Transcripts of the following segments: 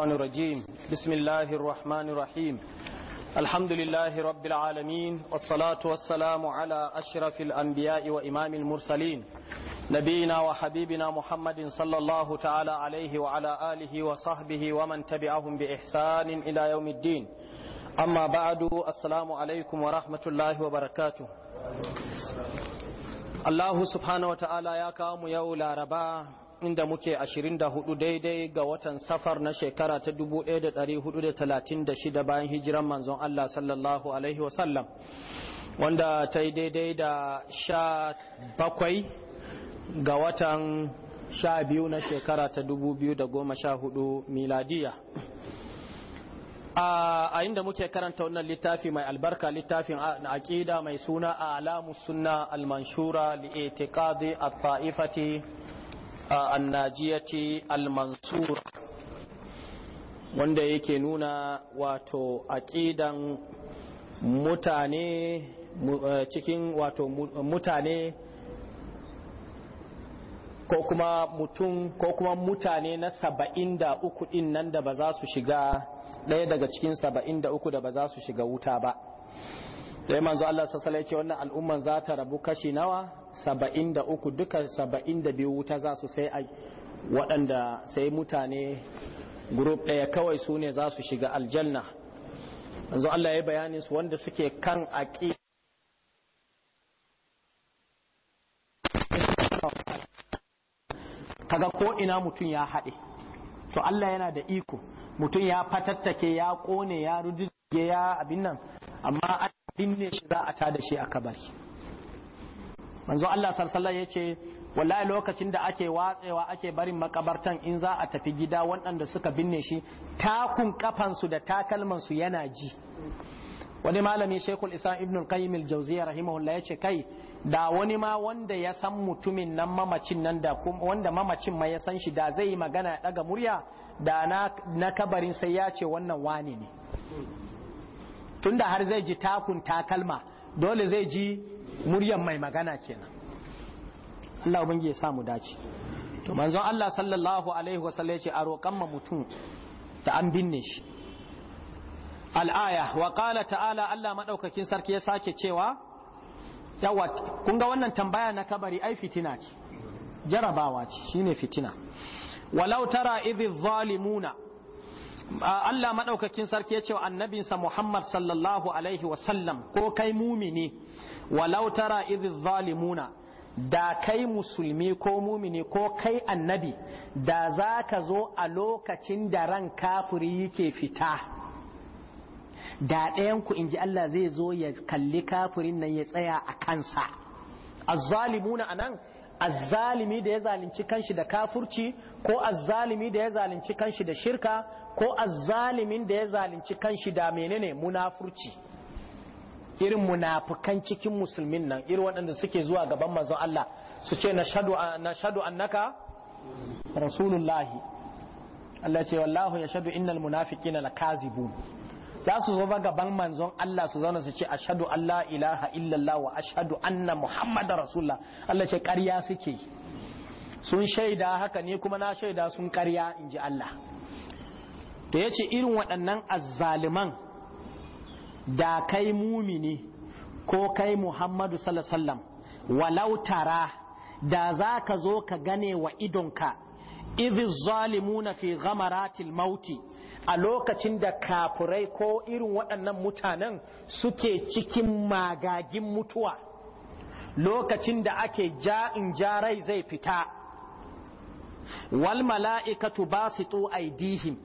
الشيطان الرجيم بسم الله الرحمن الرحيم الحمد لله رب العالمين والصلاة والسلام على أشرف الأنبياء وإمام المرسلين نبينا وحبيبنا محمد صلى الله تعالى عليه وعلى آله وصحبه ومن تبعهم بإحسان إلى يوم الدين أما بعد السلام عليكم ورحمة الله وبركاته الله سبحانه وتعالى يا كام يولا رباه inda muke 24 daidai ga watan safar na shekara ta 1436 bayan hijiran manzon Allah sallallahu alaihi wasallam wanda ta yi daidai da sha bakwai ga watan sha biyu na shekara ta 2014 miladiya a inda muke karanta wannan littafi mai albarka littafin aqida mai suna alamu sunna al-manshura li itiqadi at-ta'ifati annajiyati al-mansur wanda yake nuna wato aqidan mutane cikin wato mutane ko kuma mutum ko kuma mutane na saba'in da uku ɗin nan da ba za su shiga ɗaya daga cikin saba'in da uku da ba za su shiga wuta ba sai manzo Allah sassala ya ce wannan al'umman za ta rabu kashi nawa saba'in da uku duka saba'in da biyu wuta za su sai a waɗanda sai mutane grup ɗaya kawai su ne za su shiga aljanna manzo Allah ya bayanin su wanda suke kan aƙi kaga ko ina mutum ya haɗe to Allah yana da iko mutum ya fatattake ya ƙone ya rudige ya abin nan amma binne shi za a tada shi a kabari manzo Allah sallallahu ya ce wallahi lokacin da ake watsewa ake barin makabartan in za a tafi gida waɗanda suka binne shi takun kafansu da takalmansu yana ji wani malami shekul isa ibn qayyim al-jawziyya rahimahullah yace kai da wani ma wanda ya san mutumin nan mamacin nan da wanda mamacin ma ya san shi da zai magana ya daga murya da na, kabarin sai ya ce wannan wani ne tunda har zai ji takun takalma dole zai ji muryan mai magana kenan Allah ubangi ya samu dace to manzon Allah sallallahu alaihi wasallam yace a roƙan ma mutum da an binne shi al'aya wa qala ta'ala Allah madaukakin sarki ya sake cewa yawa kun ga wannan tambaya na kabari ai fitina ce jarabawa ce shine fitina walau tara idh zalimuna Allah maɗaukakin sarki ya ce wa annabinsa Muhammad sallallahu Alaihi wasallam ko kai mumini walau tara zalimuna da kai musulmi ko mumini ko kai annabi da za ka zo a lokacin da ran kafuri yake fita da ɗayanku in ji Allah zai zo ya kalli kafurin nan ya tsaya a kansa azzalimuna anan azzalimi da ya zalunci kanshi da kafurci ko azzalimi da ya zalunci kanshi da shirka ko azzalimin da ya zalunci kanshi da menene munafurci irin munafukan cikin musulmin nan irin waɗanda suke zuwa gaban manzon Allah su ce na shaɗu annaka rasulullahi Allah ce wallahu ya shaɗu innal na kazibu. za su zo gaban manzon Allah su zauna su ce a ashadu Allah ilaha illallah wa a ashadu anna muhammad rasulullah Allah ce ƙarya suke sun shaida haka ne kuma na shaida sun ƙarya in ji Allah to ya ce irin waɗannan azzaliman da kai mumini ko kai muhammadu sallallahu walau tara da za ka zo ka gane wa idonka izi zalimuna fi ghamaratil mauti a lokacin da kafurai ko irin waɗannan mutanen suke cikin magagin mutuwa lokacin da ake ja'in jarai zai fita wal mala'ikatu basitu aidihim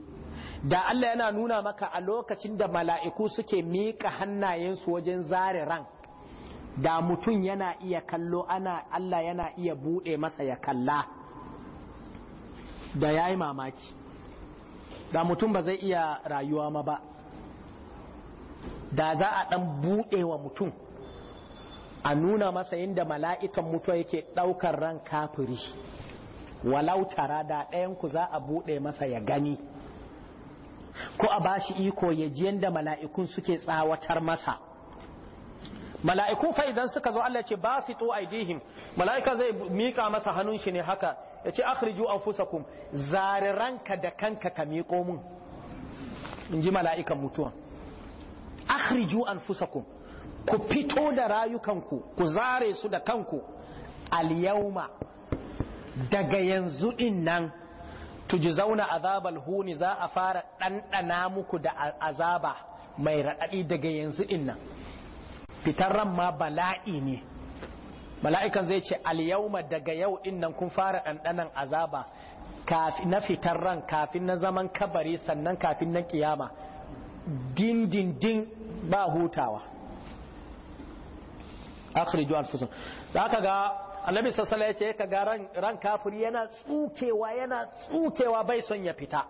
da Allah yana nuna maka a lokacin da mala'iku suke miƙa hannayensu wajen zare ran da mutum yana iya kallo ana Allah yana iya buɗe masa ya kalla da ya yi mamaki da mutum ba zai iya rayuwa ma ba da za a ɗan buɗe wa mutum a nuna masa da mala'ikan mutuwa yake ɗaukar ran kafiri walau tara da ɗayanku za a buɗe masa ya gani ko a bashi iko ya ji yanda mala'ikun suke tsawatar masa mala'iku fa idan suka zo Allah ce ba su aidihim mala'ika zai mika masa hannun shi ne haka ya ce akhriju anfusakum zariran ranka da kanka ka miƙo mun in ji mala'ikan mutuwa akhriju anfusakum ku fito da rayukanku ku zare su da kanku al yauma daga yanzu din nan tujizauna azabal huni za a fara ɗanɗana muku da azaba mai raɗaɗi daga yanzu innan fitar ran ma bala'i ne mala'ikan zai ce al daga yau innan kun fara ɗanɗanan azaba na fitar ran kafin na zaman kabari sannan kafin na kiyama dindindin ba hutawa akhriju za zaka ga annabi sassala ya ce ka ga ran kafiri yana tsukewa yana tsukewa bai son ya fita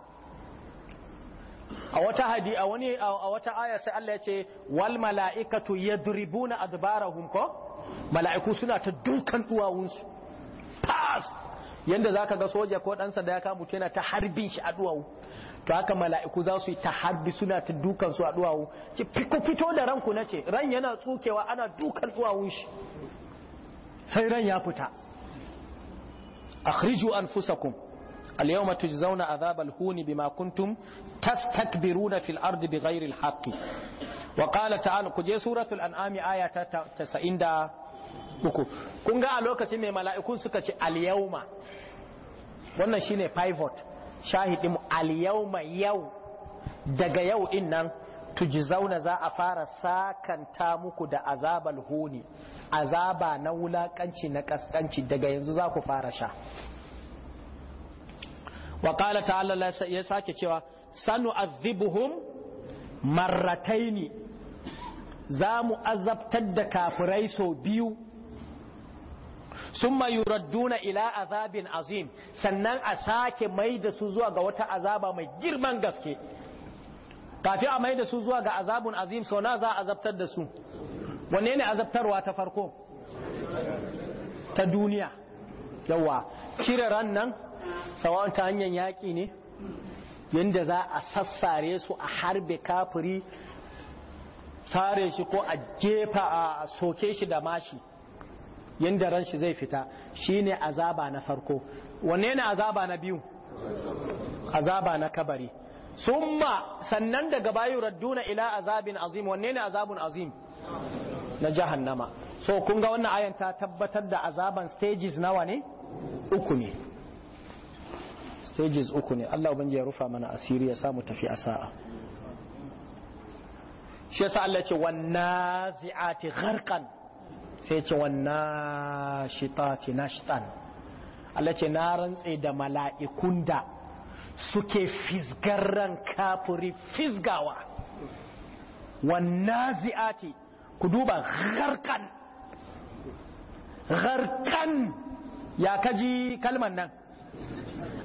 a wata hadi a wani a wata aya sai Allah ya ce wal mala'ikatu yadribuna adbarahum ko mala'iku suna ta dukan su pass yanda zaka ga soja ko dan sanda ya kamu ta harbin shi a duwawu to haka mala'iku za su yi ta harbi suna ta dukan su a duwawu ki fito fito da ranku nace ran yana tsukewa ana dukan duwawun shi sai ran ya fita akhriju anfusakum al-yawma tujzauna adhab huni bima kuntum tastakbiruna fil ardi bighairi al-haqqi wa qala ta'ala kuje suratul an'ami ayata ta uku kun ga a lokacin mai mala'ikun suka ce al wannan shine pivot shahidin al-yawma yau daga yau innan nan tujzauna za a fara sakanta muku da azabal huni azaba na wulakanci na kaskanci daga yanzu za ku fara sha wa qala ta'ala ya sake cewa sanu azibuhum marrataini za mu azabtar da kafirai sau biyu summa yuradduna ila azabin azim sannan a sake mai da su zuwa ga wata azaba mai girman gaske kafin a mai da su zuwa ga azabun azim sau na za a azabtar da su wanne ne azabtarwa ta farko ta duniya yawa cire ran nan sawa'un ta hanyar yaƙi ne yadda za a sassare su a harbe kafiri sare shi ko a gefa a soke shi da mashi yadda ran shi zai fita shi ne azaba na farko wanne ne azaba na biyu azaba na kabari summa sannan daga bayu radduna ila azabin azim wanne ne azabun azim na jahannama so kun ga wannan ayan ta tabbatar da azaban stages nawa ne uku ne stages uku ne Allah ubangi ya rufa mana asiri ya samu tafi a sa'a shi yasa Allah ce wanna zi'ati gharqan sai ce wanna shitati nashtan Allah ce na rantse da mala'ikun da suke fisgarran kafuri fisgawa wanna zi'ati ku duba gharkan gharkan ya kaji kalman nan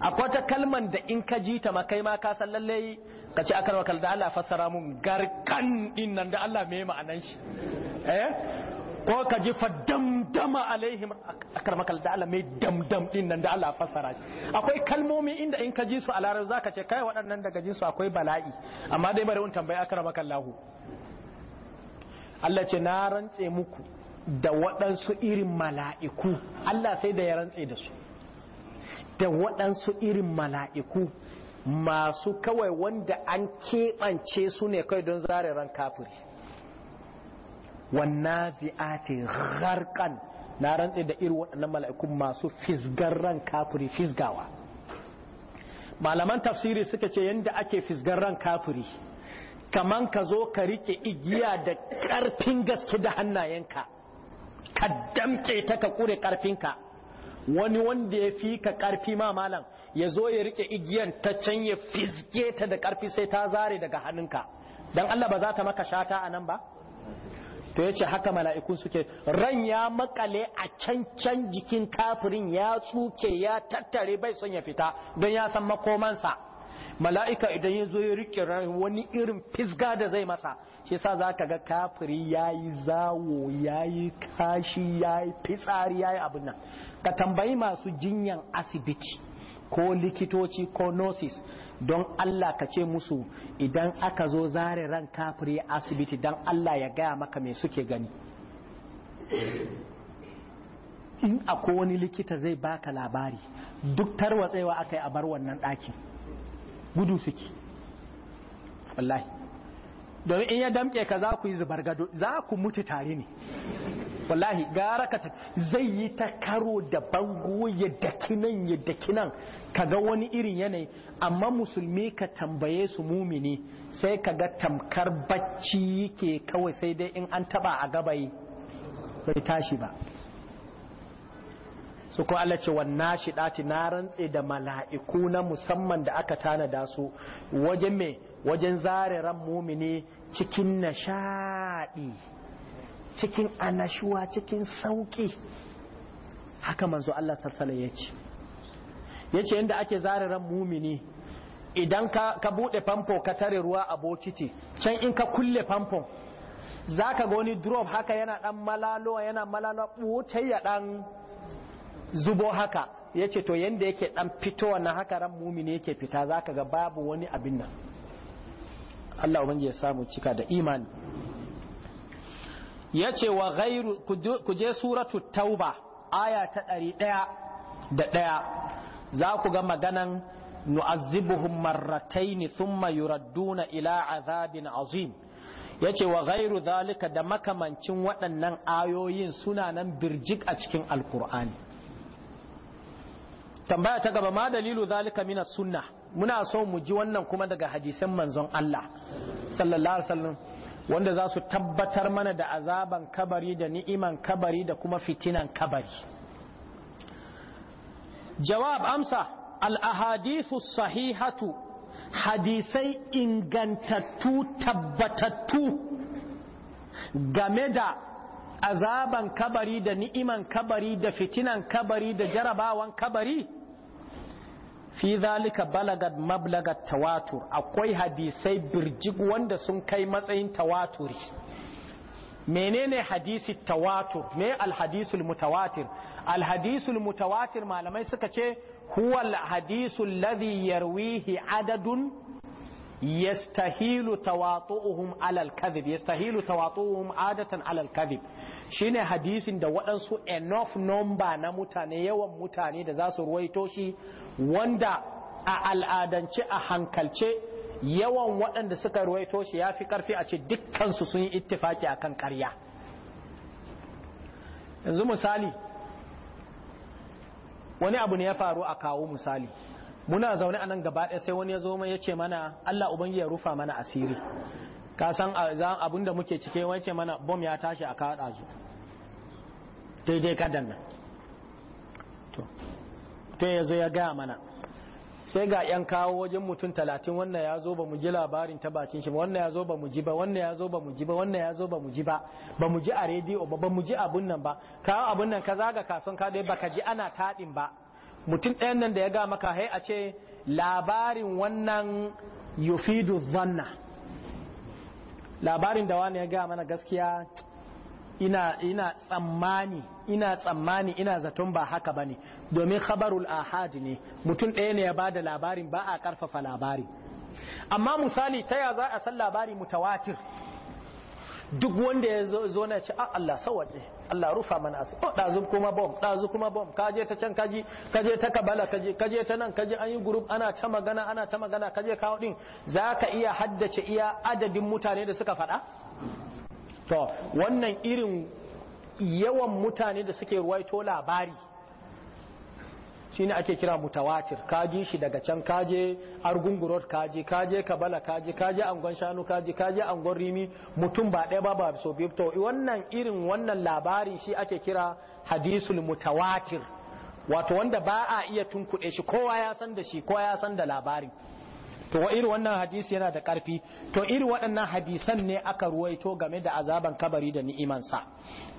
akwai ta kalman da in ka ji ta makai ma ka san lalle ka ce akan wakal da Allah fassara mun garkan din nan da Allah me ma'anan shi eh ko ka ji fa damdama alaihim akan wakal da Allah me damdam din nan da Allah fassara shi akwai kalmomi inda in ka ji su a larabci zaka ce kai waɗannan daga ji su akwai bala'i amma dai bari un tambayi akan wakal lahu Allah ce na rantse muku da waɗansu irin mala'iku Allah sai da ya rantse da su da waɗansu irin mala'iku masu kawai wanda an keɓance su ne kai don zare ran kafiri wannan zi'ati harkan na rantse da irin waɗannan mala'iku masu fisgar ran kafiri fisgawa malaman tafsiri suka ce yadda ake fisgar ran kafiri kaman ka zo ka rike igiya da ƙarfin gaske da hannayenka ka damke ta ka ƙure ƙarfinka wani wanda ya fi ka ƙarfi ma malam ya zo ya rike igiyan ta can ya fizge ta da ƙarfi sai ta zare daga hannunka don Allah ba za ta maka shata a nan ba to yace haka mala'ikun suke ran ya makale a cancan jikin kafirin ya tsuke ya tattare bai son ya fita don ya san makomansa mala'ika idan ya zo ya riƙe wani irin fisga da zai masa shi sa za ka ga kafiri ya yi zawo ya yi kashi ya yi fitsari ya yi abin nan ka tambayi masu jinyan asibiti ko likitoci ko nosis don Allah ka ce musu idan aka zo zare ran kafiri asibiti don Allah ya gaya maka mai suke gani in akwai wani likita zai baka labari duk tarwatsewa aka yi a bar wannan ɗakin gudu suke wallahi domin in ya damke ka za ku yi zubar gado za ku mutu tare ne wallahi gara ka zai yi ta karo da bango ya dakinan ya dakinan ka ga wani irin yanayi amma musulmi ka tambaye su mumini sai ka ga tamkar bacci yake kawai sai dai in an taba a gabayi bai tashi ba su ko Allah ce wannan na rantse da mala'iku na musamman da aka tanada su wajen me wajen zare ran mumini cikin nashadi cikin anashuwa cikin sauƙi haka manzo Allah sallallahu ya ce ya ce ake zare ran mumini idan ka bude famfo ka tare ruwa a bokiti can in ka kulle famfo zaka ga wani drop haka yana dan malalowa yana malalowa ɓutayya dan. zubo haka ya ce to yadda yake dan fitowa na haka ran mumini yake fita za ka ga babu wani abin nan Allah ubangi ya samu cika da imani ya ce wa gairu ku je suratu tauba aya ta ɗari ɗaya da ɗaya za ku ga maganan nu'azzibuhum marrataini thumma yuradduna ila azabin azim ya ce wa gairu zalika da makamancin waɗannan ayoyin suna nan birjik a cikin alkur'ani tambaya ta gaba ma dalilu zalika mina sunna muna so mu ji wannan kuma daga hadisan manzon Allah sallallahu alaihi wasallam wanda za su tabbatar mana da azaban kabari da ni'iman kabari da kuma fitinan kabari jawab amsa al-ahadithu sahihatu hadisai ingantattu tabbatattu game da azaban kabari da ni'iman kabari da fitinan kabari da jarabawan kabari fi zalika balagat mablagat tawatur akwai hadisai birjig wanda sun kai matsayin tawaturi menene hadisi tawatur me alhadisul mutawatir alhadisul mutawatir malamai suka ce huwa alhadisul ladhi yarwihi adadun yastahilu tawatu'uhum alal kadhib yastahilu tawatu'uhum adatan alal kadhib shine hadisin da waɗansu enough number na mutane yawan mutane da za su ruwaito shi wanda a al'adance a hankalce yawan waɗanda suka ruwaito shi ya fi ƙarfi a ce dukkansu sun yi ittifaki akan ƙarya yanzu misali wani abu ne ya faru a kawo misali muna zaune a nan gaba ɗaya sai wani ya zo mai ya ce mana Allah ubangi ya rufa mana asiri ka san abin da muke cike wani ce mana bom ya tashi a kawo ɗazu daidai kadan nan to ya zo ya gaya mana sai ga yan kawo wajen mutum talatin wannan ya zo ba mu ji labarin ta bakin shi wannan ya zo ba mu ji ba wannan ya zo ba mu ji ba wannan ya zo ba mu ji ba ba mu ji a rediyo ba ba mu ji abun nan ba kawo abun nan ka zaga kason ka dai baka ji ana taɗin ba mutum ɗayan nan da ya ga maka hai a ce labarin wannan yufidu zanna labarin da wani ya ga mana gaskiya ina tsammani ina tsammani ina zaton ba haka bane domin khabarul ahadi ne mutum ɗaya ne ya ba da labarin ba a karfafa labari amma misali ta ya za a san labari mutawatir duk wanda ya zo na ci a ah, Allah sawaje Allah rufa mana asiri oh dazu kuma bom dazu kuma bom kaje ta can kaji kaje ta kabala kaje kaje ta nan kaje an yi group ana ta magana ana ta magana kaje kawo din zaka iya haddace iya adadin mutane da suka faɗa to wannan irin yawan mutane da suke ruwaito labari Shi ne ake kira mutawatir kaji shi daga can kaje argungurot kaji kaje kabala kaji kaje angon shanu kaji kaje angon rimi mutum ba ɗaya ba ba so biyu wannan irin wannan labarin shi ake kira hadisul mutawatir wato wanda ba a iya tunkuɗe shi kowa ya san da shi kowa ya san da labarin to irin wannan hadisi yana da ƙarfi to irin waɗannan hadisan ne aka ruwaito game da azaban kabari da ni'imansa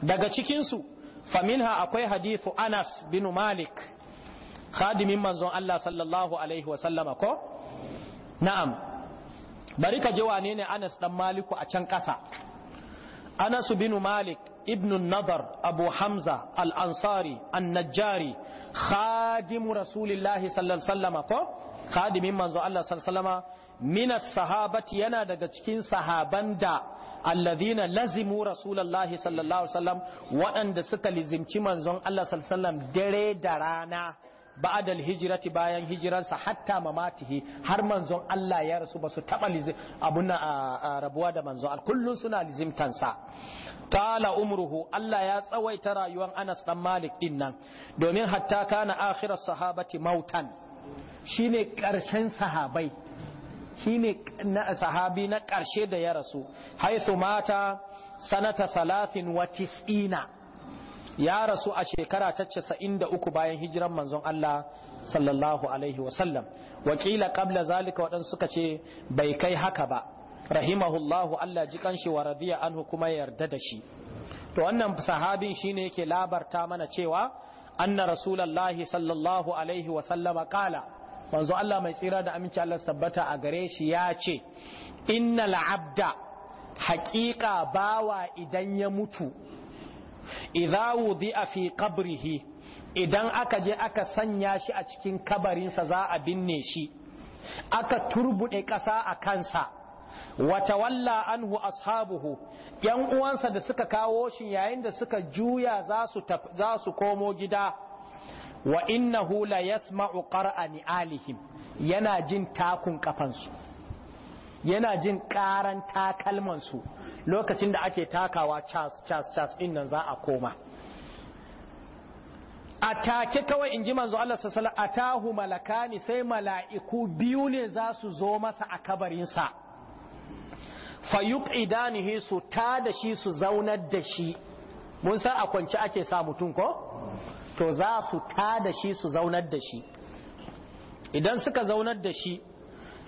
daga cikinsu faminha akwai hadithu anas bin malik khadimin manzon Allah sallallahu alaihi wa sallama ko na'am bari ka je wane ne Anas dan Maliku a can ƙasa Anas bin Malik ibn Nadar Abu Hamza al-Ansari an-Najjari khadimu Rasulillahi sallallahu alaihi sallama ko khadimin manzon Allah sallallahu alaihi sallama minas sahabati yana daga cikin sahaban da alladhina lazimu rasulullahi sallallahu alaihi sallam waɗanda suka lizimci manzon Allah sallallahu alaihi wasallam dare da rana ba'adal hijirati bayan hijiransa hatta mamatihi har manzon Allah ya rasu ba su taɓa abun a rabuwa da manzon al kullun suna sa. tala umruhu Allah ya tsawaita rayuwar Anas dan Malik din nan domin hatta kana akhirar sahabati mautan shine karshen sahabai shine na sahabi na karshe da ya rasu haisu mata sanata salatin wa ya rasu a shekara ta casa'in da uku bayan hijiran manzon Allah sallallahu alaihi wasallam wakila kabla zalika waɗansu suka ce bai kai haka ba rahimahullahu Allah ji kanshi wa radiya anhu kuma yarda da shi to wannan sahabin shine yake labarta mana cewa anna rasulullahi sallallahu alaihi wasallama qala manzo Allah mai tsira da aminci Allah tabbata a gare shi ya ce innal abda haƙiƙa bawa idan ya mutu idza wudi'a fi qabrihi idan aka je aka sanya shi a cikin kabarinsa za a binne shi aka turbude ƙasa a kansa wata walla anhu ashabuhu yan uwansa da suka kawo shi yayin da suka juya za su komo gida wa innahu la yasma'u qara'ani alihim yana jin takun kafansu yana jin karan su lokacin da ake takawa chas chas chas din za a koma a take kawai in ji manzo Allah alaihi a tahu malakani sai mala'iku biyu ne za su zo masa a kabarinsa fayuk fayuqidanihi su ta da shi su zaunar da shi mun san a kwanci ake sa mutum ko to za su ta da shi su zaunar da shi idan suka zaunar da shi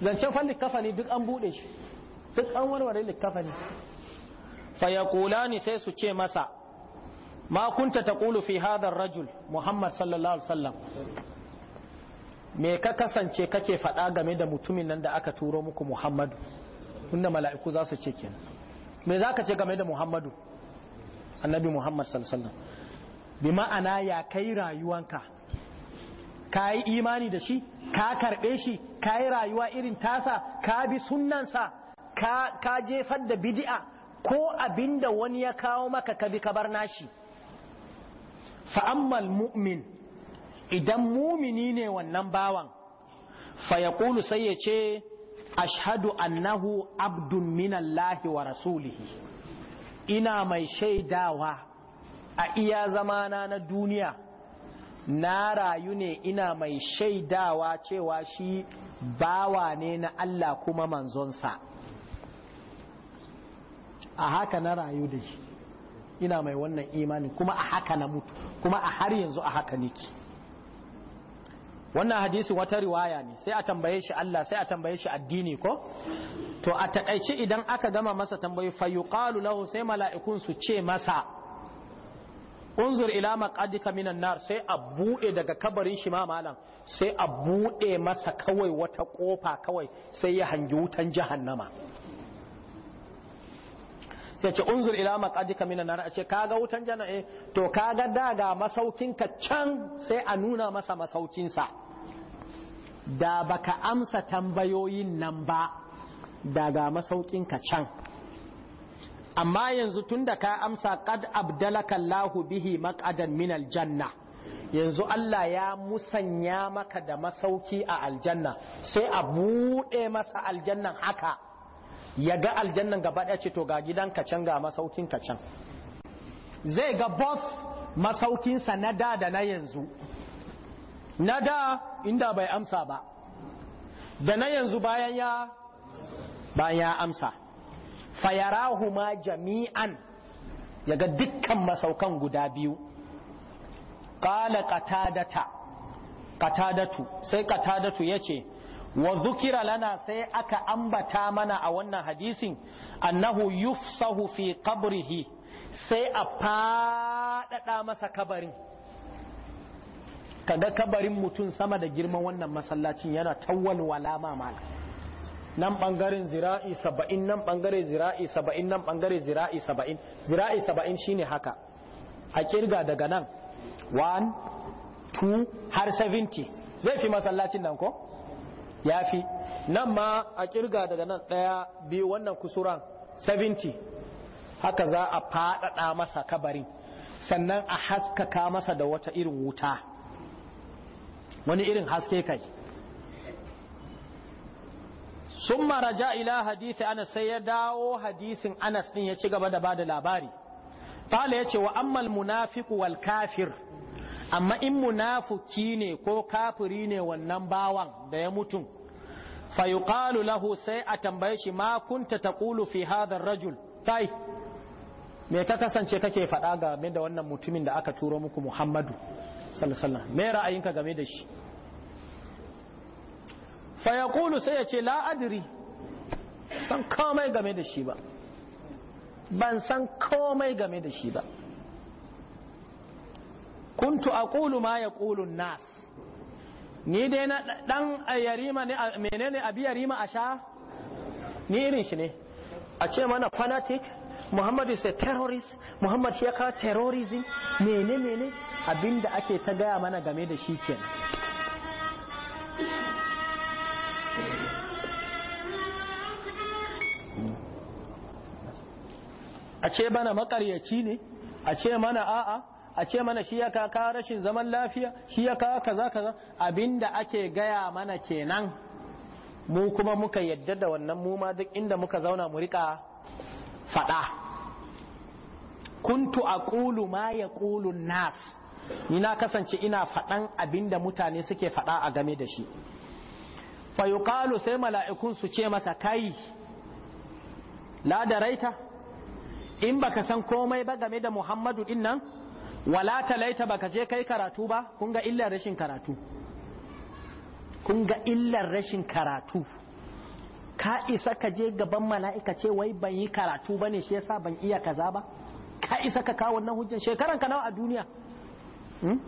zancen fa likafani duk an bude shi duk an warware likafani fa yaqulani sai su ce masa ma kunta taqulu fi hadar rajul muhammad sallallahu alaihi wasallam me ka kasance kake faɗa game da mutumin nan da aka turo muku muhammadu inda mala'iku za su ce kenan me za ka ce game da muhammadu annabi muhammad sallallahu alaihi wasallam bi ma'ana ya kai rayuwanka ka yi imani da shi ka karɓe shi ka yi rayuwa irin tasa ka bi sunansa ka, ka jefar da bidi'a ko abinda wani ya kawo maka ka bi kabar nashi fa'ammal mu'min idan mumini ne wannan bawan fa ya sai ya ce ashhadu annahu abdun minallahi wa rasulihi ina mai shaidawa a iya zamana na duniya na rayu ne ina mai shaidawa cewa shi bawa ne na Allah kuma manzonsa a haka na rayu da shi ina mai wannan imani kuma a haka na mutu kuma a har yanzu a haka niki wannan hadisi wata riwaya ne sai a tambaye shi Allah sai a tambaye shi addini ko to a taƙaice idan aka gama masa tambayi fa lahu sai mala'ikun su ce masa unzur ila maqadika minan nar sai a bude daga kabarin shi ma malam sai a bude masa kawai wata kofa kawai sai ya hangi wutan jahannama Yace ce unzur ila maqadika minan nar a ce kaga wutan jahannama eh to kaga daga masaukin ka can sai a nuna masa masaukin sa da baka amsa tambayoyin nan ba daga masaukin ka can amma yanzu tunda ka amsa kad abdalaka Allahu bihi maq'adan min aljanna yanzu Allah ya musanya maka da masauki a aljanna sai a bude masa aljannan haka ya ga aljannan gaba ɗaya ce to ga gidanka can ga masaukin ka can zai ga boss sa na da da na yanzu na da inda bai amsa ba da na yanzu bayan ya bayan ya amsa fayarahuma jami'an yaga dukkan masaukan guda biyu qala qatadata qatadatu sai qatadatu yace wa zukira lana sai aka ambata mana a wannan hadisin annahu yufsahu fi qabrihi sai a fadada masa kabarin kaga kabarin mutum sama da girman wannan masallacin yana tawwal wala ma nan bangaren zira'i saba'in nan bangaren zira'i saba'in nan bangaren zira'i saba'in zira'i saba'in shine haka a kirga daga nan 1 2 har 70 zai fi masallacin nan ko ya fi nan ma a kirga daga nan ɗaya biyu wannan kusuran 70 haka za a faɗaɗa masa kabarin sannan a haskaka masa da wata irin wuta wani irin haske kai sun maraja ila hadisi anas sai ya dawo hadisin anas ɗin ya ci gaba da bada labari fala ya ce wa ammal munafiku wal kafir amma in munafuki ne ko kafiri ne wannan bawan da ya mutum fa lahu sai a tambaye shi makunta ta ƙulu fi hadha rajul kai me ka kasance kake faɗa game da wannan mutumin da aka turo muku Muhammadu sallallahu alaihi wasallam me ra'ayinka game da shi fa sai ya ce la san komai game da shi ba ban san komai game da shi ba kuntu a kulu ma ya kulun nas ni dai na dan yarima ne menene abi yarima asha ni irin shi ne a ce mana fanatic Muhammad is a terrorist Muhammad shi ya kawo terrorism mene abinda ake ta gaya mana game da shi kenan a ce mana makaryaci ne a ce mana a'a a ce mana shi ya kaka rashin zaman lafiya shi ya kawo kaza kaza abinda ake gaya mana kenan mu kuma muka yadda da wannan mu ma duk inda muka zauna mu rika faɗa kuntu aqulu ma yaqulu nas ni na kasance ina faɗan abinda mutane suke faɗa a game da shi yuqalu sai mala'ikun su ce masa kai la daraita in baka san komai ba game da muhammadu din nan wala talaita baka je kai karatu ba kun ga illar rashin karatu kun ga illar rashin karatu ka isa ka je gaban mala'ika ce wai ban yi karatu bane shi yasa ban iya kaza ba ka isa ka kawo wannan hujjan shekaran ka nawa a duniya hmm?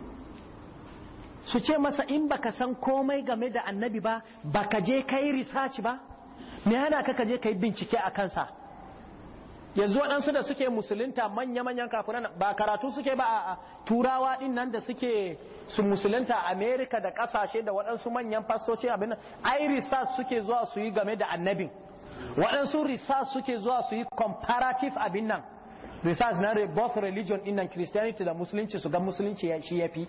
su ce masa in baka san komai game da annabi ba baka je kai research ba me yana ka je kai bincike a kansa yanzu waɗansu da suke musulunta manya-manyan kafinan ba karatu suke ba a turawa ɗin nan da suke su musulunta amerika da ƙasashe da waɗansu manyan fasoci abin ai research suke zuwa su yi game da annabin waɗansu research suke zuwa su yi comparative abin nan research na both religion ɗin nan christianity da musulunci su ga musulunci shi ya fi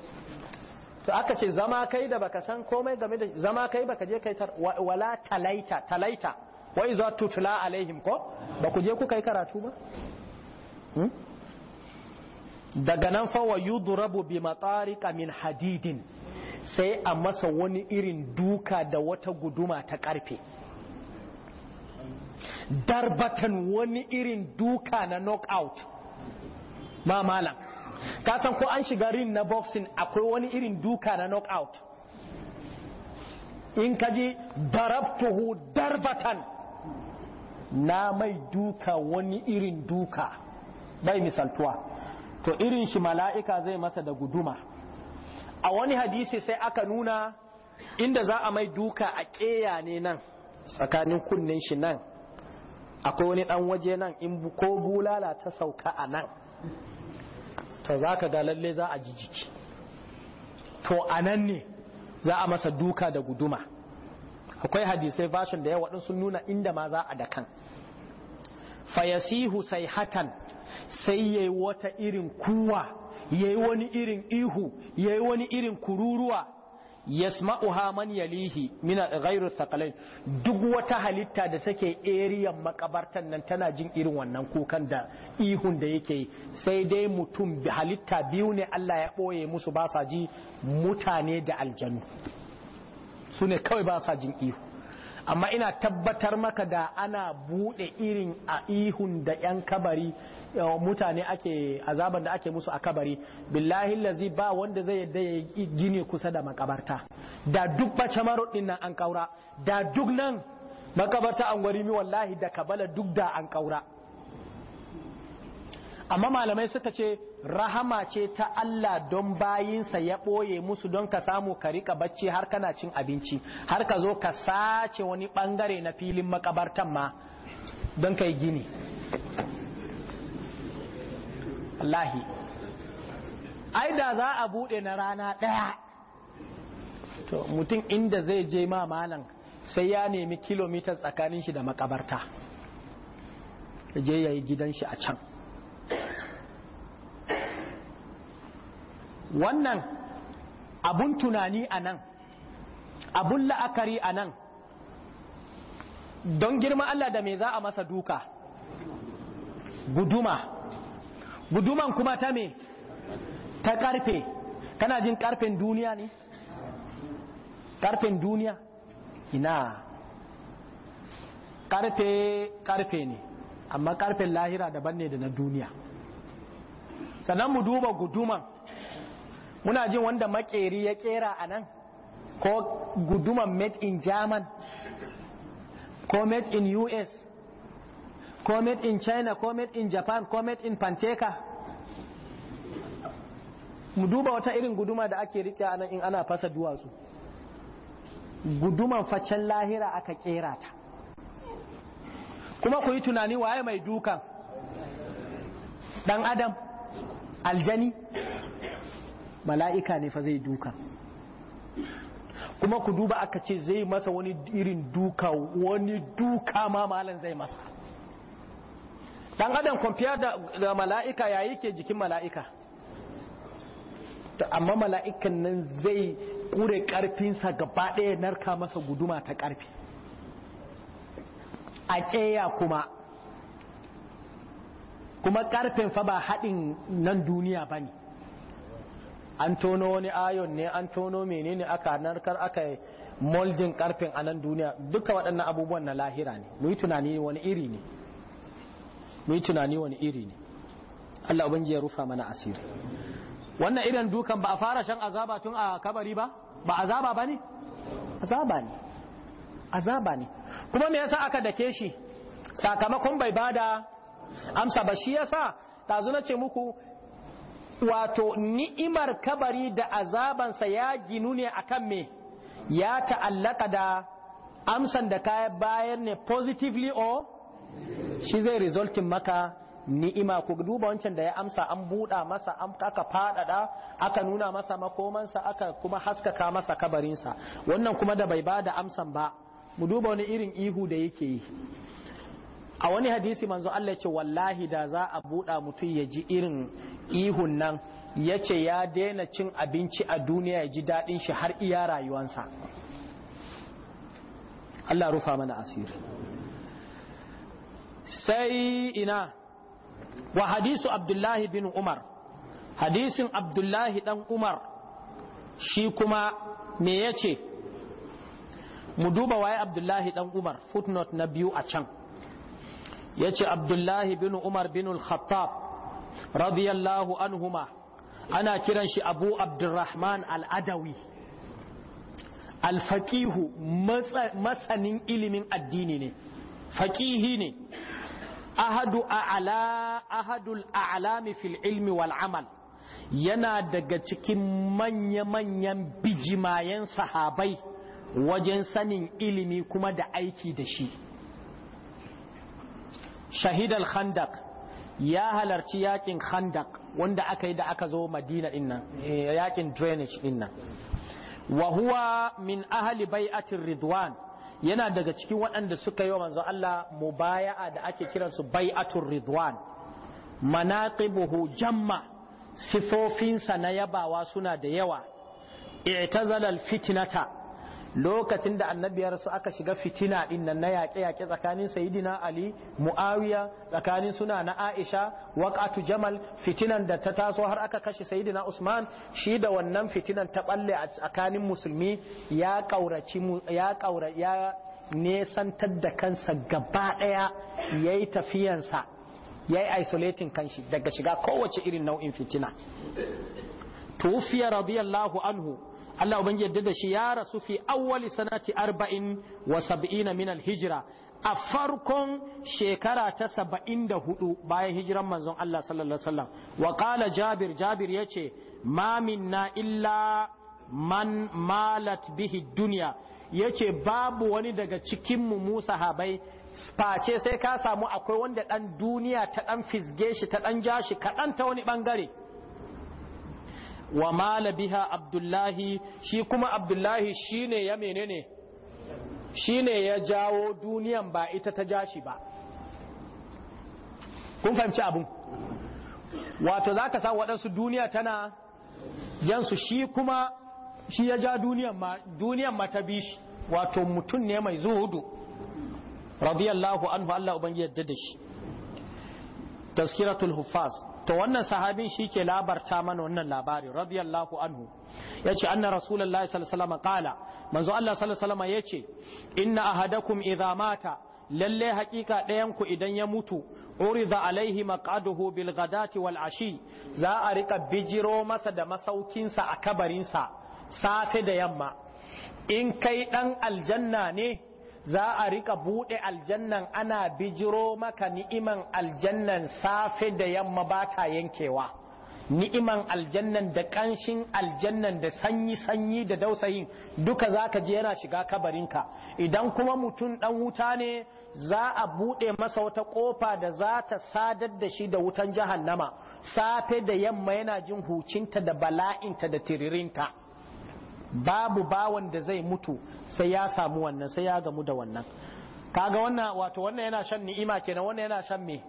to aka ce zama kai da baka san komai game da zama kai baka je kai wala talaita talaita wa iza tutla alaihim ko ba ku je ku kai karatu ba hmm? daga nan fa wa yudrabu bi matariqa min hadidin sai a masa wani irin duka da wata guduma ta karfe darbatan wani irin duka na knockout ma malam ka san ko an shiga rin na boxing akwai wani irin duka na knockout in kaji darabtuhu darbatan na mai duka wani irin duka bai misaltuwa to irin shi mala'ika zai masa da guduma a wani hadisi sai aka nuna inda za a mai duka a keya ne nan tsakanin kunnen shi nan akwai wani dan waje nan in ko bulala ta sauka a nan to za ka ga lalle za a jijiki to a nan ne za a masa duka da guduma akwai hadisai version da yawa din sun nuna inda ma za a da kan fayasihu sai hatan sai yayi wata irin kuwa yayi wani irin ihu yayi wani irin kururuwa yasma'uha man yalihi min ghairu thaqalain duk wata halitta da take eriyan makabartan nan tana jin irin wannan kukan da ihun da yake sai dai mutum halitta biyu ne Allah ya boye musu ba sa ji mutane da aljanu su ne kawai ba sa jin ihu amma ina tabbatar maka da ana bude irin a ihun da 'yan kabari mutane ake azaban da ake musu a kabari billahi lazi ba wanda zai yadda ya gini kusa da makabarta da duk bace marudin nan an kaura da duk nan makabarta an gwari mi wallahi da kabala duk da an kaura amma malamai suka ce rahama ce ta Allah don bayinsa ya ɓoye musu don ka samu ka riƙa bacci har kana cin abinci har ka zo ka sace wani ɓangare na filin makabartan ma don ka yi gini lahi ai da za a buɗe na rana ɗaya mutum inda zai je ma malam sai ya nemi kilomita tsakanin shi da makabarta je ya yi gidan shi a can wannan abun tunani a nan abun la'akari a nan don girma Allah da mai za a masa duka guduma guduman kuma ta me ta karfe kana jin karfen duniya ne karfen duniya ina karfe karfe ne amma karfen lahira daban ne da na duniya sannan mu duba guduman muna jin wanda makeri ya kera a nan ko guduman made in german ko made in us ko made in china ko made in japan ko made in panteka mu duba wata irin guduma da ake rike a nan in ana fasa duwatsu guduman faccen lahira aka kera ta kuma ku yi tunani waye mai dukan dan adam aljani mala'ika ne fa zai duka kuma ku duba aka ce zai masa wani irin duka wani duka ma malan zai masa dan adam kwamfiya da mala'ika ya yake jikin mala'ika amma mala'ikan nan zai ƙure ƙarfinsa gaba ɗaya narka masa guduma ta ƙarfi a ƙeya kuma kuma ƙarfin fa ba haɗin nan duniya bane. an tono wani ayon ne an tono menene aka narkar aka yi moldin karfin a nan duniya duka waɗannan abubuwan na lahira ne mu yi tunani wani iri ne mu yi tunani wani iri ne Allah ubangiji ya rufa mana asiri wannan irin dukan ba a fara shan azaba tun a kabari ba ba azaba ba azaba ne azaba ne kuma me yasa aka dake shi sakamakon bai bada amsa ba shi yasa ɗazu na ce muku wato ni'imar kabari da azabansa ya ginu ne akan me ya ta'allaka da amsan da ka bayar ne positively or shi zai resultin maka ni'ima ku duba wancan da ya amsa an buɗa masa aka faɗaɗa aka nuna masa makomansa aka kuma haskaka masa kabarinsa wannan kuma da bai ba da amsan ba mu duba wani irin ihu da yake yi a wani hadisi manzo Allah ce wallahi da za a buɗa mutum ya ji irin ihun nan ya ce ya daina cin abinci a duniya ya ji daɗin shi har iya rayuwansa Allah rufa mana asiri sai ina wa hadisu abdullahi bin umar hadisin abdullahi dan umar shi kuma me yace? mu duba waye abdullahi dan umar footnote na biyu a can ya ce abdullahi bin umar bin al-khattab radiyallahu anhuma ana kiran shi abu abdurrahman al-adawi alfaƙihu masanin ilimin addini ne faƙihi ne ahadu a'ala ahadul a'lami fil ilmi wal amal yana daga cikin manya-manyan bijimayen sahabai wajen sanin ilimi kuma da aiki da shi shahidal khandak ya halarci yakin khandak wanda aka yi da aka zo madina dinnan eh, yakin drainage dinnan wa huwa min ahli bai'atir ridwan yana daga cikin waɗanda suka yi wa manzo Allah mubaya'a da ake kiransu bai'atur ridwan manaqibuhu jamma sifofinsa na yabawa suna da yawa i'tazala fitnata lokacin da annabiyarsu aka shiga fitina din nan na yaƙe-yaƙe tsakanin sayidina ali muawiya tsakanin suna na aisha waqatu jamal fitinan da ta taso har aka kashe sayidina usman shi da wannan fitinan ta balle a tsakanin musulmi ya kauraci ya kaura ya nesantar da kansa gaba ɗaya yayi tafiyansa yayi isolating kanshi daga shiga kowace irin nau'in fitina tufiya radiyallahu anhu Allah ubangi yadda da shi ya rasu fi awwali sanati arba'in wa sab'ina min al-hijra a farkon shekara ta saba'in da hudu bayan hijiran manzon Allah sallallahu alaihi wasallam wa qala jabir jabir yace ma minna illa man malat bihi dunya yace babu wani daga cikin mu mu sahabai face sai ka samu akwai wanda dan duniya ta dan fisge shi ta dan ja shi kadan ta wani bangare wa mala biha abdullahi shi kuma abdullahi shine ya menene shine ya jawo duniyan ba ita ta jashi ba kun fahimci abin wato za ka sa waɗansu duniya tana jansu shi kuma shi ya ja duniyan ma ta bi shi wato mutum ne mai zuhudu radiyallahu anhu Allah ubangiji yadda da shi tazkiratul huffaz to wannan sahabin shi ke labarta mana wannan labari radiyallahu anhu ya ce anna rasulullahi sallallahu kala manzo Allah sallallahu ya yace. inna ahadakum idha mata lalle hakika ɗayan ku idan ya mutu urida alaihi maqaduhu bil ghadati wal ashi za a rika bijiro masa da masaukinsa a kabarinsa safe da yamma in kai dan aljanna ne za a rika buɗe aljannan ana bijiro maka ni'iman aljannan safe da yamma ba ta yankewa ni'iman aljannan da ƙanshin aljannan da sanyi-sanyi da dausayin duka za ka je yana shiga kabarinka idan kuma mutum ɗan wuta ne za a buɗe masa wata ƙofa da za ta sadar da shi da wutan jahannama safe da yamma yana jin hucinta da bala'inta da tiririnta babu bawan da zai mutu sai ya samu wannan sai ya gamu da wannan kaga wannan wato wannan yana shan ni'ima kenan wannan yana shan me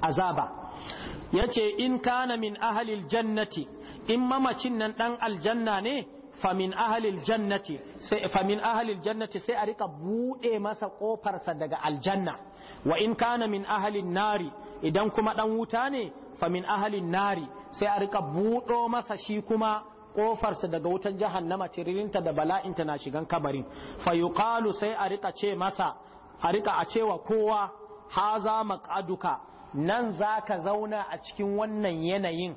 azaba yace in kana min ahlil jannati in mamacin nan dan aljanna ne famin ahalil jannati sai famin ahalil jannati sai a rika bude masa ƙofarsa daga aljanna wa in kana min ahalin nari idan kuma dan wuta ne famin ahalin nari sai a rika budo masa shi kuma kofarsa daga wutan jahannama tiririnta da bala'inta na shigan kabarin fa yuqalu sai a rika ce masa a rika a cewa kowa haza maqaduka nan zaka zauna a cikin wannan yanayin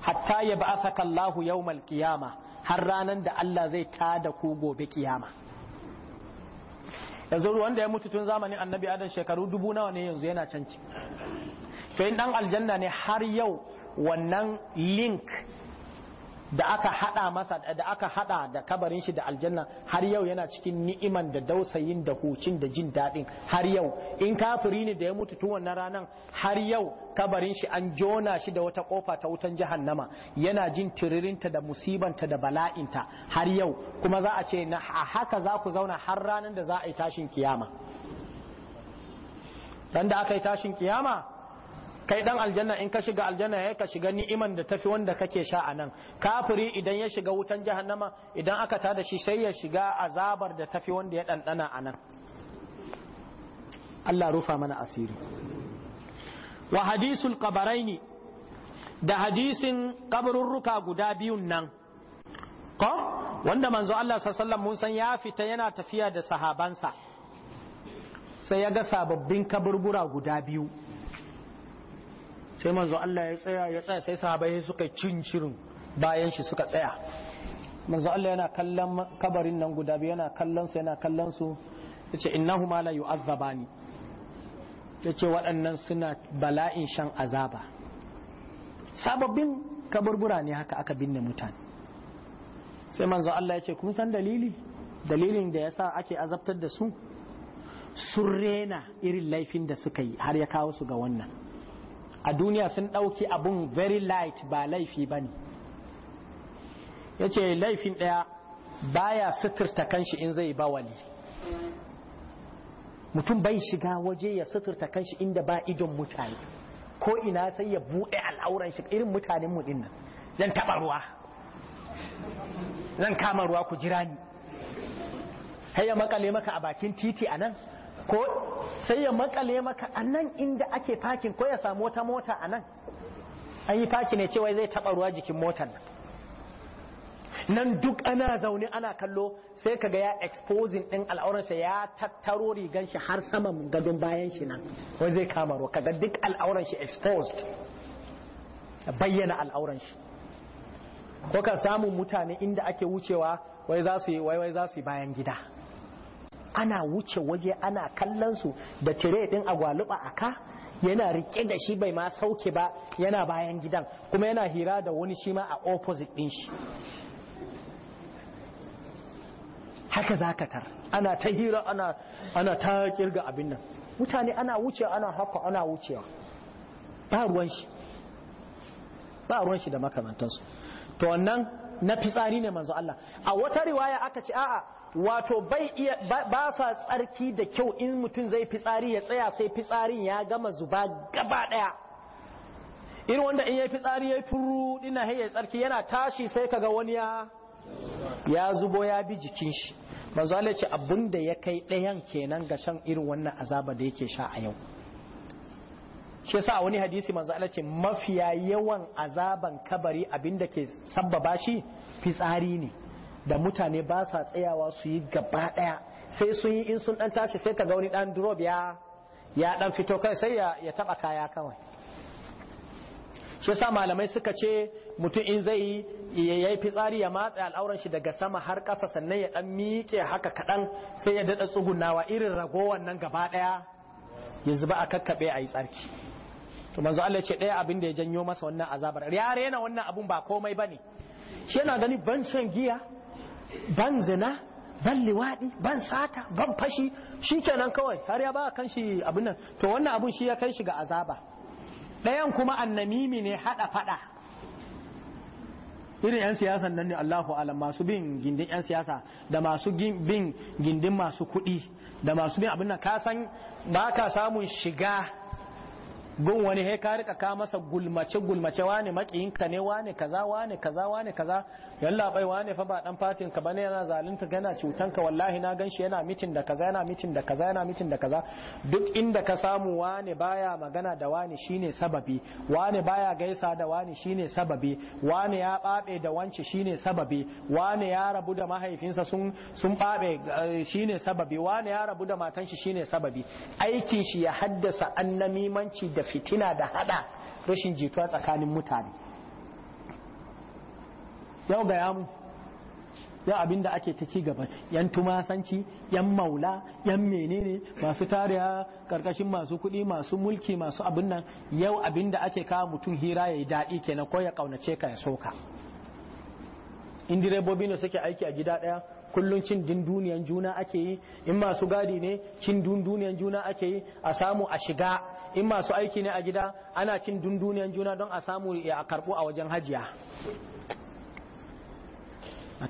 hatta ya ba'asaka Allahu yawmal qiyama har ranan da Allah zai tada ku gobe kiyama yanzu wanda ya mutu tun zamanin annabi adam shekaru dubu nawa ne yanzu yana canci to in dan aljanna ne har yau wannan link da aka hada masa da aka hada da kabarin shi da aljanna har yau yana cikin ni'iman da dausayin da hucin da jin dadin har yau in kafiri ne da ya mutu tun wannan ranan har yau kabarin shi an jona shi da wata kofa ta wutan jahannama yana jin tiririnta da musibanta da bala'inta har yau kuma za a ce na haka za ku zauna har ranan da za a yi tashin kiyama dan da aka yi tashin kiyama kai dan aljanna in ka shiga aljanna ya ka shiga ni'iman da tafi wanda kake sha a nan kafiri idan ya shiga wutan jahannama idan aka tada shi sai ya shiga azabar da tafi wanda ya dandana a nan Allah rufa mana asiri wa hadisul qabaraini da hadisin kabarurruka guda biyun nan ko wanda manzo Allah sallallahu mun san ya fita yana tafiya da sahabansa sai ya ga sababbin kaburbura guda biyu sai manzo Allah ya tsaya ya tsaya sai sahabbai suka cincirin bayan shi suka tsaya manzo Allah yana kallon kabarin nan guda biyu yana kallon su yana kallon su yace innahuma la yu'azzabani yace waɗannan suna bala'in shan azaba sababbin kaburbura ne haka aka binne mutane sai manzo Allah yace kun san dalili dalilin da yasa ake azabtar da su sun rena irin laifin da suka yi har ya kawo su ga wannan a duniya sun ɗauki abun very light ba laifi ba ne ya ce laifin ɗaya baya suturta kanshi in zai bawali mutum bai shiga waje ya suturta kanshi inda ba idon mutane ko ina sai ya buɗe al'auran shi irin mutanen mu dinnan zan taɓa ruwa zan kama ruwa ku jira ni har ya makale maka a bakin titi a nan ko sai ya makale maka a nan inda ake fakin ko ya samu wata mota a nan an yi faki ne cewa zai taɓa ruwa jikin motar nan duk ana zaune ana kallo sai ka ga ya exposing din al'auransa ya tattaro rigan shi har saman gadon bayan shi nan wai zai kama ruwa kaga duk al'auran shi exposed bayyana al'auran shi ko ka samu mutane inda ake wucewa wai za su yi wai wai za su yi bayan gida ana wuce waje ana kallon su da tire din agwaluba a ka yana rike da shi bai ma sauke ba yana bayan gidan kuma yana hira da wani shi ma a opposite din shi haka zakatar ana ta hira ana ana ta kirga abin nan mutane ana wucewa ana haka ana wucewa ba ruwan shi ba ruwan shi da makamantansu to wannan na fitsari ne manzo Allah a wata riwaya aka ce a'a wato bai iya ba sa tsarki da kyau in mutum zai fitsari ya tsaya sai fitsarin ya gama zuba gaba daya irin wanda in ya fitsari ya furu dina haye tsarki yana tashi sai kaga wani ya ya zubo ya bi jikin shi manzo Allah ce abinda ya kai ɗayan kenan ga shan irin wannan azaba da yake sha a yau shi yasa wani hadisi manzo Allah ce mafiya yawan azaban kabari abinda ke sabbaba shi fitsari ne da mutane ba sa tsayawa su yi gaba daya sai sun yi in sun ɗan tashi sai ka ga wani ɗan drop ya ya dan fito kai sai ya, ya taba kaya kawai shi yasa malamai suka ce mutum in zai yayi fitsari ya matsa al'auran shi daga sama har ƙasa sannan ya ɗan miƙe haka kaɗan sai ya daɗa tsugunawa irin ragowar nan gaba ɗaya ya zuba a kakkaɓe a yi tsarki to manzo Allah ce ɗaya abin da ya janyo masa wannan azabar ya rena wannan abun ba komai bane shi yana gani ban shan giya ban zina ban liwaɗi ban sata ban fashi shi kenan kawai har ya ba kan shi abin nan to wannan abin shi ya kai shi ga azaba ɗayan kuma annamimi ne haɗa faɗa irin 'yan siyasan nan ne Allahu alam masu bin gindin 'yan siyasa da masu bin gindin masu kuɗi da masu bin abin nan ka san ba ka samun shiga gun wani he ka rika ka masa gulmace gulmace wani makiyin ka ne wani kaza wani kaza wani kaza yalla bai wane fa ba dan fatin ka bane yana zalunta gana cutan ka wallahi na ganshi yana mitin da kaza yana mitin da kaza yana mitin da kaza duk inda ka samu wani baya magana da wani shine sababi Wani baya gaisa da wani shine sababi Wani ya babe da wance shine sababi Wani ya rabu da mahaifinsa sun sun babe eh, shine sababi Wani ya rabu da matan shi shine sababi aikin shi ya haddasa annamimanci da fitina da hada rashin jituwa tsakanin mutane yau ga yamu yau abin ake ta ci gaba yan tumasanci yan maula yan menene masu tariya karkashin masu kuɗi masu mulki masu abin nan yau abinda ake kawo mutum hira ya yi daɗi kenan ko ya ƙaunace ka ya soka in direbobi ne suke aiki a gida ɗaya kullun cin din duniyan juna ake yi in masu gadi ne cin dunduniyar duniyan juna ake yi a samu a shiga in masu aiki ne a gida ana cin dunduniyar duniyan juna don a samu a karbo a wajen hajiya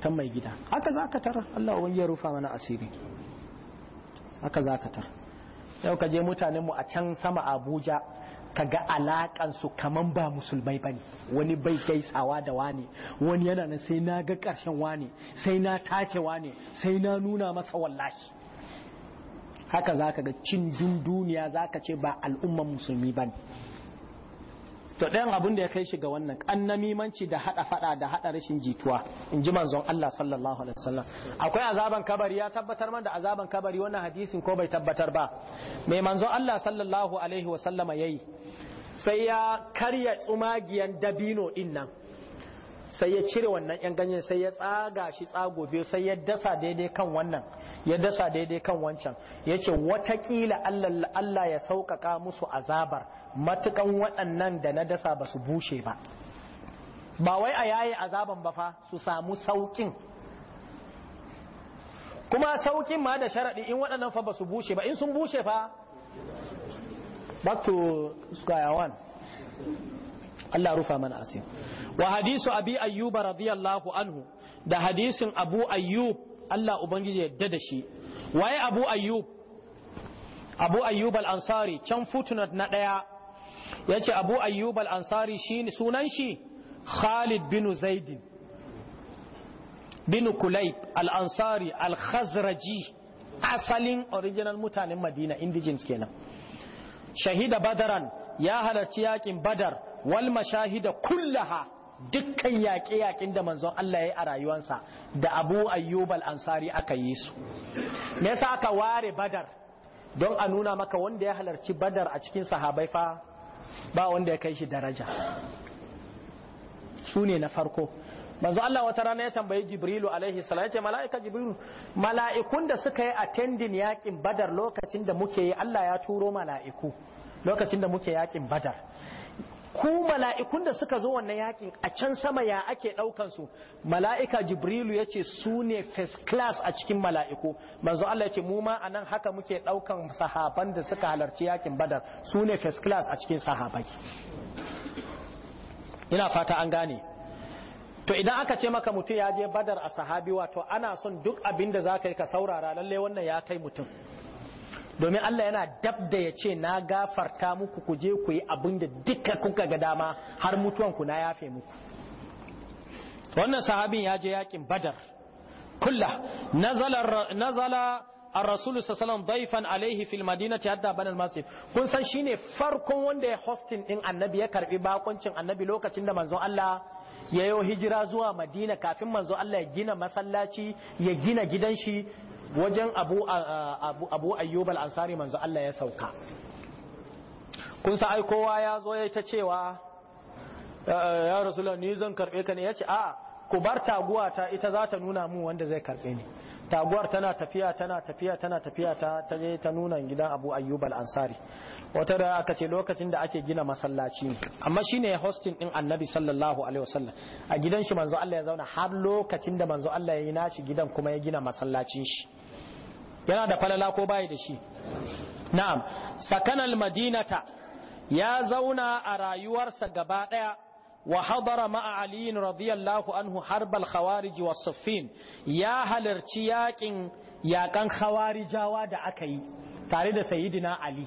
kan mai gida haka za ka tara Allah wani ya rufa mana asiri haka za ka tara yau ka je mutanenmu a can sama abuja kaga alakan su kaman ba musulmai bane wani bai gaisawa da wani wani yana nan sai na ga ƙarshen wani sai na take wani sai na nuna masa wallahi haka zaka ga cin duniya zaka ce ba al'umman musulmi bane to ɗayan abin da ya kai shi ga wannan annamimanci da haɗa faɗa, da haɗa rashin jituwa in ji manzon Allah sallallahu alaihi wasallam akwai azaban kabari ya tabbatar man da azaban kabari wannan hadisin ko bai tabbatar ba mai manzon Allah sallallahu alaihi wasallama yayi sai ya karya tsumagiyan dabino din nan sai ya cire wannan yan ganyen sai ya tsaga shi tsago biyu sai ya dasa daidai kan wannan ya dasa daidai kan wancan ya ce watakila Allah ya sauƙaƙa musu azabar matukan waɗannan da na dasa ba su bushe ba ba wai a yayi azaban ba fa su samu sauƙin kuma sauƙin ma da sharaɗi in waɗannan fa ba su bushe ba in sun bushe fa back to Allah rufa mana asiri wa hadisu abi ayyub radiyallahu anhu da hadisin abu ayyub Allah ubangiji yadda da shi waye abu ayyub abu ayyub al-ansari can footnote na daya yace abu ayyub al-ansari shine sunan shi khalid bin zaidin bin kulayb al-ansari al-khazraji asalin original mutanen madina indigens kenan shahida badaran ya halarci yakin badar wal mashahida kullaha dukkan yaƙe yaƙin da manzon Allah ya yi a rayuwarsa da abu ayyub al-ansari aka yi su me yasa aka ware badar don a nuna maka wanda ya halarci badar a cikin sahabai fa ba wanda ya kai shi daraja su ne na farko manzo Allah wata rana ya tambayi Jibrilu alaihi salam ya ce mala'ika Jibrilu mala'ikun da suka yi attending yaƙin Badar lokacin da muke yi Allah ya turo mala'iku lokacin da muke yaƙin Badar ku mala'ikun da suka zo wannan yakin a can sama ya ake ɗaukansu mala'ika jibrilu yace ce su ne first class a cikin mala'iku manzo Allah yace ce mu ma a nan haka muke ɗaukan sahaban da suka halarci yakin badar su ne first class a cikin sahabai ina fata an gane to idan aka ce maka mutum ya je badar a sahabi wato ana son duk abin da za ka yi ka saurara lallai wannan ya kai mutum domin Allah yana dab da ya ce na gafarta muku ku je ku yi abin da duka kuka ga dama har mutuwan ku na yafe muku wannan sahabin ya je yakin badar kulla nazala a rasulu baifan daifan alaihi filmadina madinati hadda banal masjid kun san shine farkon wanda ya hostin din annabi ya karbi bakoncin annabi lokacin da manzon Allah ya yi hijira zuwa madina kafin manzo Allah ya gina masallaci ya gina gidan shi wajen abu ayyub al-ansari manzo Allah ya sauka kun sa ai kowa ya zo ya ta cewa ya rasulullah ni zan karbe ka ne yace a ku bar taguwa ta ita za ta nuna mu wanda zai karbe ni taguwar tana tafiya tana tafiya tana tafiya ta ta ta nuna gidan Abu Ayyub ansari wata da aka ce lokacin da ake gina masallaci ne amma shine hosting din Annabi sallallahu alaihi wasallam a gidan shi manzo Allah ya zauna har lokacin da manzo Allah ya yi nashi gidan kuma ya gina masallacin shi yana da falala ko bayi da shi na'am sakanal madinata ya zauna a rayuwarsa gaba daya wa hadara ma'a Ali, radiyallahu anhu harbal khawarij wa saffin ya halarci yakin yakan khawarijawa da aka yi tare da sayyidina ali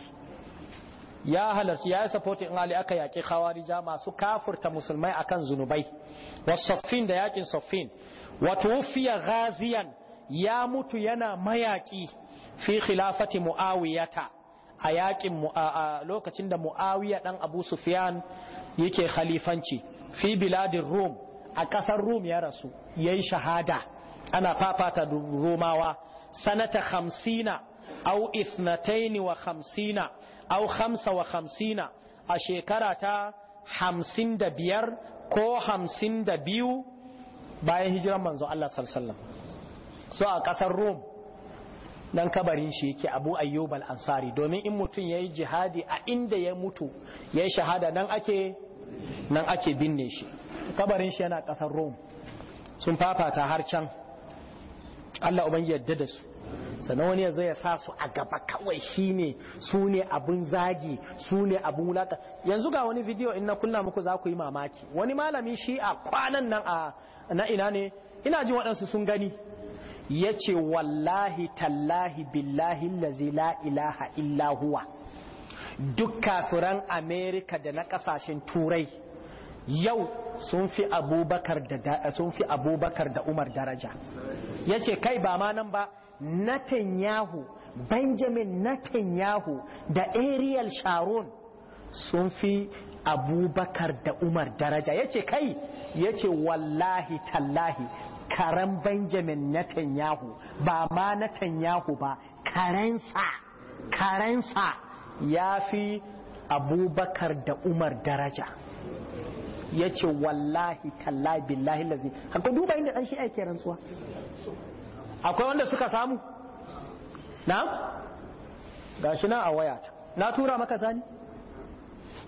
ya halarci ya yi supporting in ali aka yaƙi khawarija masu kafurta musulmai akan zunubai wa saffin da yakin saffin wa tuwfiya ghaziyan ya mutu yana mayaki fi khilafati muawiyata a yakin lokacin da muawiya dan abu sufyan yake khalifanci fi biladin rum a ƙasar rum ya rasu yayi shahada ana fafata romawa sanata hamsina au isnataini wa hamsina au hamsa wa hamsina a shekara ta hamsin da biyar ko hamsin da biyu bayan hijiran manzo Allah sallallahu so a ƙasar rom dan kabarin shi yake Abu Ayyub ansari domin in mutum yayi jihadi a inda ya mutu yayi shahada nan ake nan ake binne shi kabarin shi yana kasar rom sun fafata har can Allah uban yadda da su sannan wani yazo ya sa su a gaba kawai shine su ne abun zagi su ne abun wulata yanzu ga wani bidiyo in na kunna muku za ku yi mamaki wani malami shi a kwanan nan a na ina ne ina jin waɗansu sun gani ya ce wallahi tallahi billahi lazi la ilaha illa huwa duk kafiran amerika da na kasashen turai yau sun fi abubakar da umar daraja ya ce kai ba ma nan ba netanyahu benjamin netanyahu da ariel sharon sun fi abubakar da umar daraja ya ce kai ya ce wallahi tallahi karen benjamin netanyahu ba ma netanyahu ba karensa karensa ya fi abubakar da umar daraja ya ce wallahi tallahi billahi lazi haka duba inda ɗan shi aiki rantsuwa akwai wanda suka samu na? gashi nan a waya na tura maka zani?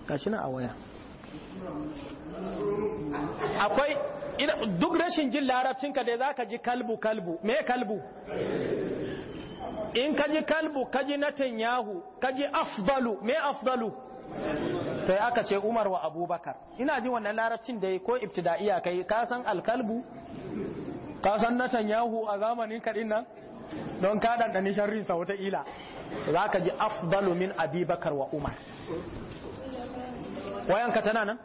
gashi nan a waya akwai duk rashin jin larabcinka dai za ji kalbu kalbu me kalbu in ka ji kalbu ka ji Netanyahu ka ji afdalu me afdalu sai aka ce umar wa abubakar ina ji wannan larabcin da ko ibtida'iya kai ka san alkalbu ka san Netanyahu a zamanin kaɗin nan don ka ɗanɗani sharrinsa wataƙila za ka ji Afbalu min abubakar wa umar wayanka tana nan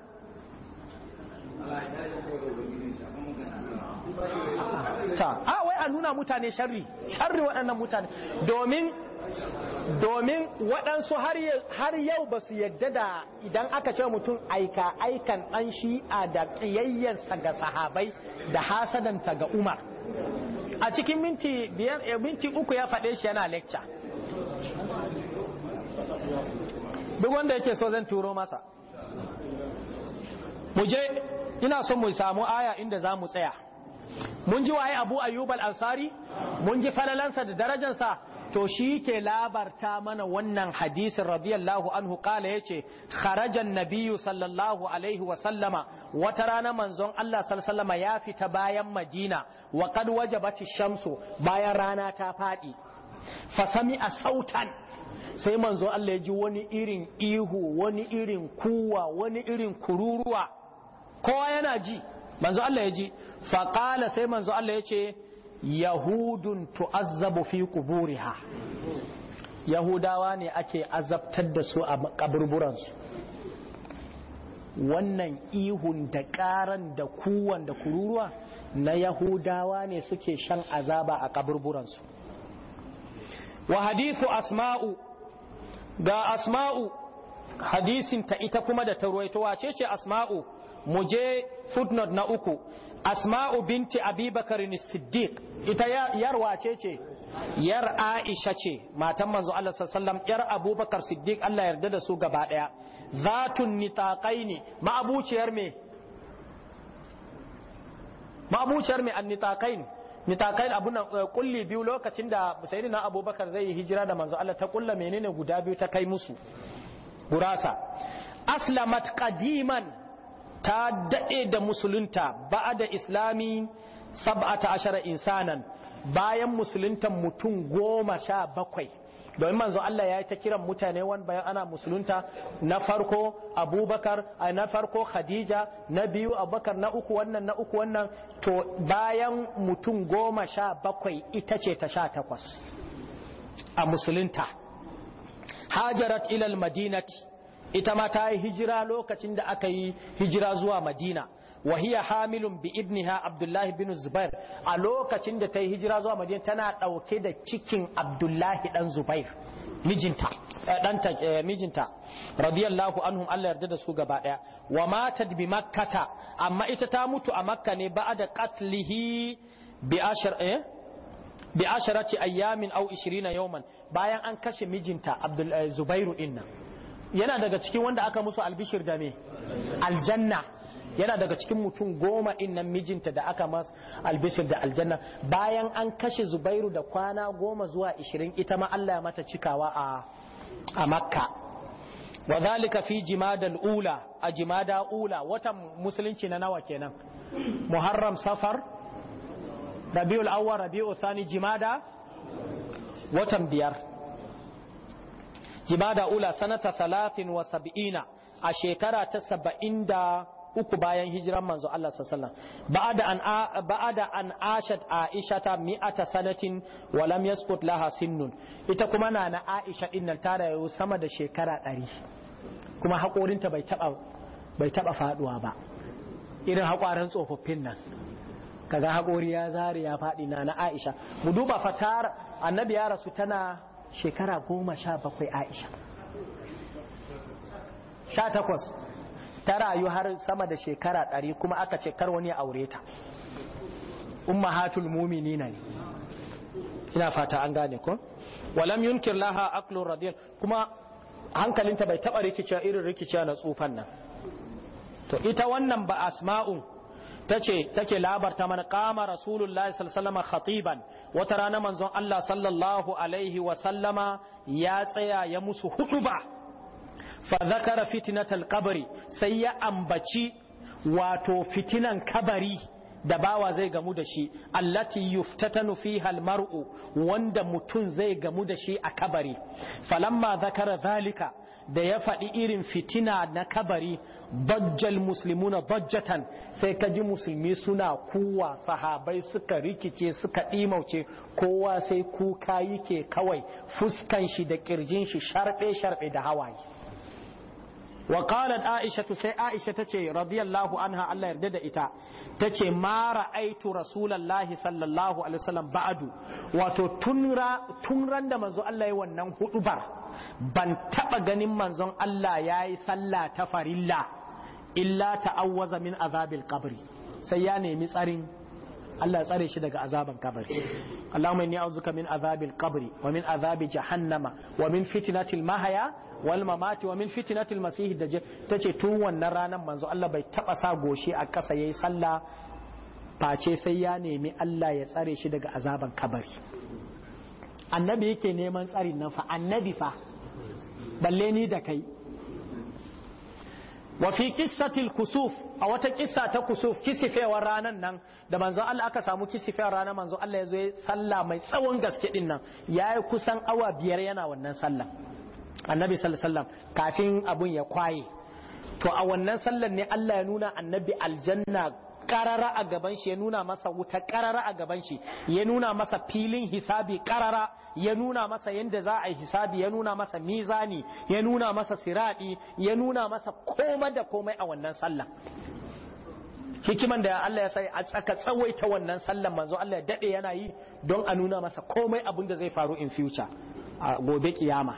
ta a wai a nuna mutane sharri sharri waɗannan mutane domin domin waɗansu har yau ba su yadda da idan aka ce mutum aika aikan ɗan shi'a da ƙiyayyarsa ga sahabai da hasadanta ga umar a cikin minti biyar eh, minti uku ya faɗe shi yana lecture duk wanda yake so zan turo masa mu je ina so mu samu aya inda za mu tsaya mun ji waye abu ayyub al-ansari mun ji falalansa da darajansa to shi ke labarta mana wannan hadisin radiyallahu anhu kala yace kharajan nabiyyu sallallahu alaihi wa sallama wata rana manzon Allah sallallahu ya fita bayan Madina wa qad wajabati shamsu bayan rana ta fadi fa sautan sai manzon Allah ya ji wani irin ihu wani irin kuwa wani irin kururuwa kowa yana ji manzo Allah ya ji faƙala sai manzo Allah ya ce yahudun tu'azzabu fi quburiha yahudawa ne ake azabtar da su a kaburburan su? wannan ihun da ƙaran da kuwan da kururuwa na yahudawa ne suke shan azaba a kaburburan su? wa hadithu asma'u ga asma'u hadisin ta ita kuma da ruwaito wace ce asma'u mu je footnote na uku asma'u binti abubakar siddiq ita yar wace ce yar aisha ce matan manzo Allah sallallahu yar abubakar siddiq Allah yarda da su gaba daya zatun nitaqaini ma'abuciyar me ma'abuciyar me annitaqain nitaqain abun nan eh, kulli biyu lokacin da sayyidina abubakar zai hijira da manzo Allah ta kulla menene guda biyu ta kai musu gurasa aslamat qadiman ta daɗe da musulunta ba'da islami sab'ata ashara insanan bayan musuluntan mutum goma sha bakwai domin manzo Allah ya yi ta kiran mutane wani bayan ana musulunta na farko abubakar a na farko khadija na biyu abubakar na uku wannan na uku wannan to bayan mutum goma sha bakwai ita ce ta sha takwas a musulunta hajarat ilal madinati ita ma ta yi hijira lokacin da aka yi hijira zuwa madina wahiya hamilun bi ibniha abdullahi bin zubair a lokacin da ta yi hijira zuwa madina tana ɗauke da cikin abdullahi dan zubair mijinta eh, ɗanta eh, mijinta radiyallahu anhum Allah yarda da su gaba ɗaya wa matat bi makkata amma ita ta mutu a makka ne ba'da qatlihi bi ashar eh bi asharati ayyamin au 20 yawman bayan an kashe mijinta Abdul eh, Zubairu inna yana daga cikin wanda aka musu albishir da me aljanna yana daga cikin mutum goma innan mijinta da aka masu albishir da aljanna bayan an kashe Zubairu da kwana goma zuwa 20 ita ma Allah ya mata cikawa a a Makka wa zalika fi jimadal ula a jimada ula watan musulunci na nawa kenan muharram safar rabiul awwal rabiul thani jimada watan biyar jimada ula sanata salatin wa sab'ina a shekara ta saba'in da uku bayan hijiran manzo Allah sallallahu ba'ada an an ashat aisha ta mi'ata sanatin wa lam yasqut ita kuma na na aisha dinnan ta rayu sama da shekara ɗari. kuma hakorinta bai taba bai taba faduwa ba irin hakoran tsofaffin nan kaga hakori ya zare ya fadi na na aisha mu duba fatar annabi ya rasu tana shekara goma sha bakwai aisha sha takwas ta rayu har sama da shekara 100 kuma aka ce kar wani ya aure ta ummahatul muminina ne ina fata an gane ko walam yunkir laha aqlu radiyan kuma hankalinta bai taba rikicewa irin rikicewa na tsufan nan to ita wannan ba asma'un tace take labarta mana kama rasulullahi sallallahu khatiban wata rana manzon Allah sallallahu alaihi wa sallama ya tsaya ya musu hutuba fa zakara fitnatal qabri sai ya ambaci wato fitinan kabari da bawa zai gamu da shi allati yuftatanu fiha almar'u wanda mutun zai gamu da shi a kabari falamma zakara zalika da ya faɗi irin fitina na kabari bajjal musulmuna bajjatan sai ka ji musulmi suna kuwa sahabai suka rikice suka ɗimauce kowa sai kuka yake kawai fuskan shi da ƙirjin shi sharɓe-sharɓe da hawaye wa qalat aisha sai aisha tace radiyallahu anha Allah yarda da ita tace ma ra'aitu rasulullahi sallallahu alaihi wasallam ba'du wato tunra tunran da manzo Allah yayi wannan hudubar ban taba ganin manzon Allah yayi sallah ta farilla illa ta'awwaza min azabil qabri sai ya nemi tsarin Allah tsare shi daga azaban kabari Allahumma inni a'udhuka min azabil qabri wa min azabi jahannama wa min fitnatil mahaya wal mamati wa min fitnatil masih dajjal tace tun wannan ranan manzo Allah bai taba sa goshi a kasa yayi sallah face sai ya nemi Allah ya tsare shi daga azaban kabari annabi yake neman tsarin nan fa annabi fa balle ni da kai wa fi qissatil kusuf a wata kissa ta kusuf kisifewar ranan nan da manzo Allah aka samu kisifewar ranan manzo Allah ya zo sallah mai tsawon gaske din nan yayi kusan awa biyar yana wannan sallah annabi sallallahu alaihi wasallam kafin abun ya kwaye to a wannan sallan ne Allah ya nuna annabi aljanna karara a gaban shi ya nuna masa wuta karara a gaban shi ya nuna masa filin hisabi karara ya nuna masa yadda za a yi hisabi ya nuna masa mizani ya nuna masa siradi ya nuna masa komai da komai a wannan sallan. hikiman da Allah ya sai a tsaka tsawaita wannan sallan manzo Allah ya dade yana yi don a nuna masa komai abin da zai faru in future a gobe kiyama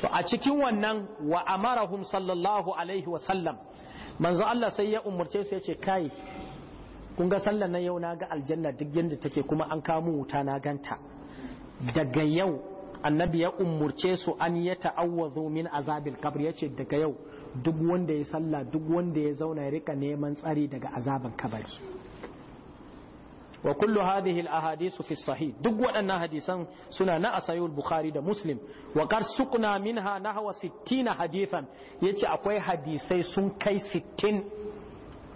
to a cikin wannan wa amarahum sallallahu alaihi wa sallam manzo Allah sai ya umurce su yace kai kun ga sallan nan yau na ga aljanna duk yanda take kuma an kamo wuta na ganta daga yau annabi ya umurce su an ya ta'awwazu min azabil qabr yace daga yau duk wanda ya sallah duk wanda ya zauna ya rika neman tsari daga azaban kabari wa kullu hadhihi al fisahi fi sahih duk waɗannan hadisan suna na asayul bukhari da muslim wa qad suqna minha nahwa 60 hadithan yace akwai hadisai sun kai 60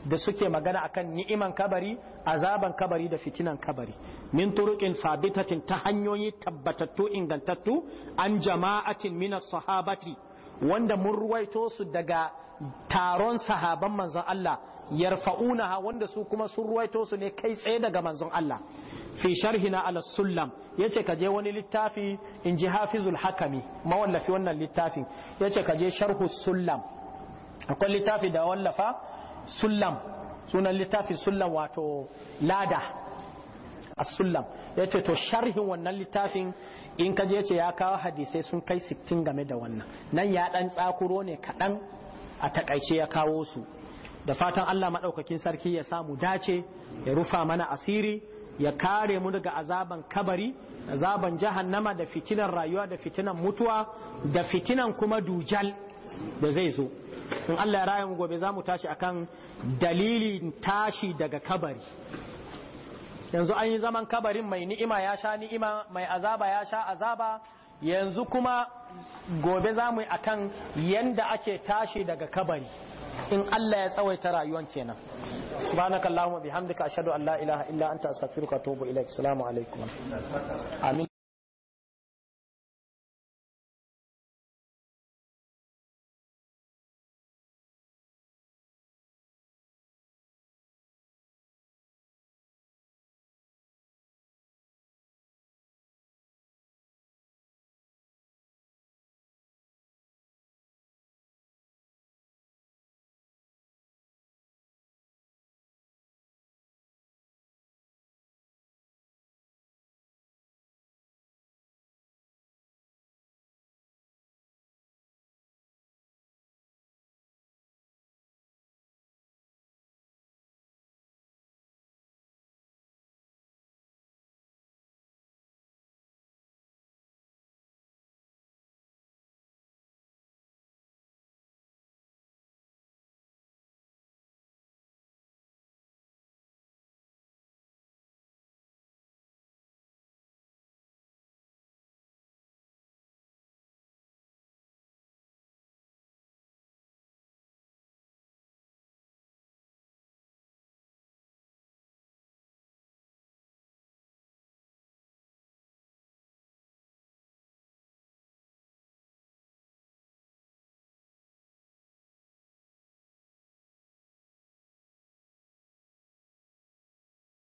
da suke magana akan ni'iman kabari azaban kabari da fitinan kabari min turuqin sabitatin ta hanyoyi tabbatattu ingantattu an jama'atin min sahabati wanda mun ruwaito su daga taron sahaban manzon Allah yarfa'unaha wanda su kuma sun ruwaito su ne kai tsaye daga manzon Allah fi sharhina ala sullam yace ka je wani littafi in ji hafizul hakami mawallafi wannan littafin yace ka je sharhu sullam akwai littafi da wallafa sullam sunan littafin sullam wato lada as-sullam yace to sharhin wannan littafin in ka je ce ya kawo hadisai sun kai 60 game da wannan nan ya dan tsakuro ne kaɗan. a takaice ya kawo su da fatan Allah maɗaukakin sarki ya samu dace ya rufa mana asiri ya kare mu daga azaban kabari azaban jahannama da fitinan rayuwa da fitinan mutuwa da fitinan kuma dujal da zai zo in Allah ya raya mu gobe za mu tashi akan dalilin tashi daga kabari yanzu an yi zaman kabarin mai ni'ima ya sha ni'ima mai azaba ya sha azaba yanzu kuma gobe za mu yi akan yanda ake tashi daga kabari in Allah ya tsawaita rayuwan kenan subhanakallahumma bihamdika ashhadu an la ilaha illa anta astaghfiruka wa atubu ilaik assalamu alaikum amin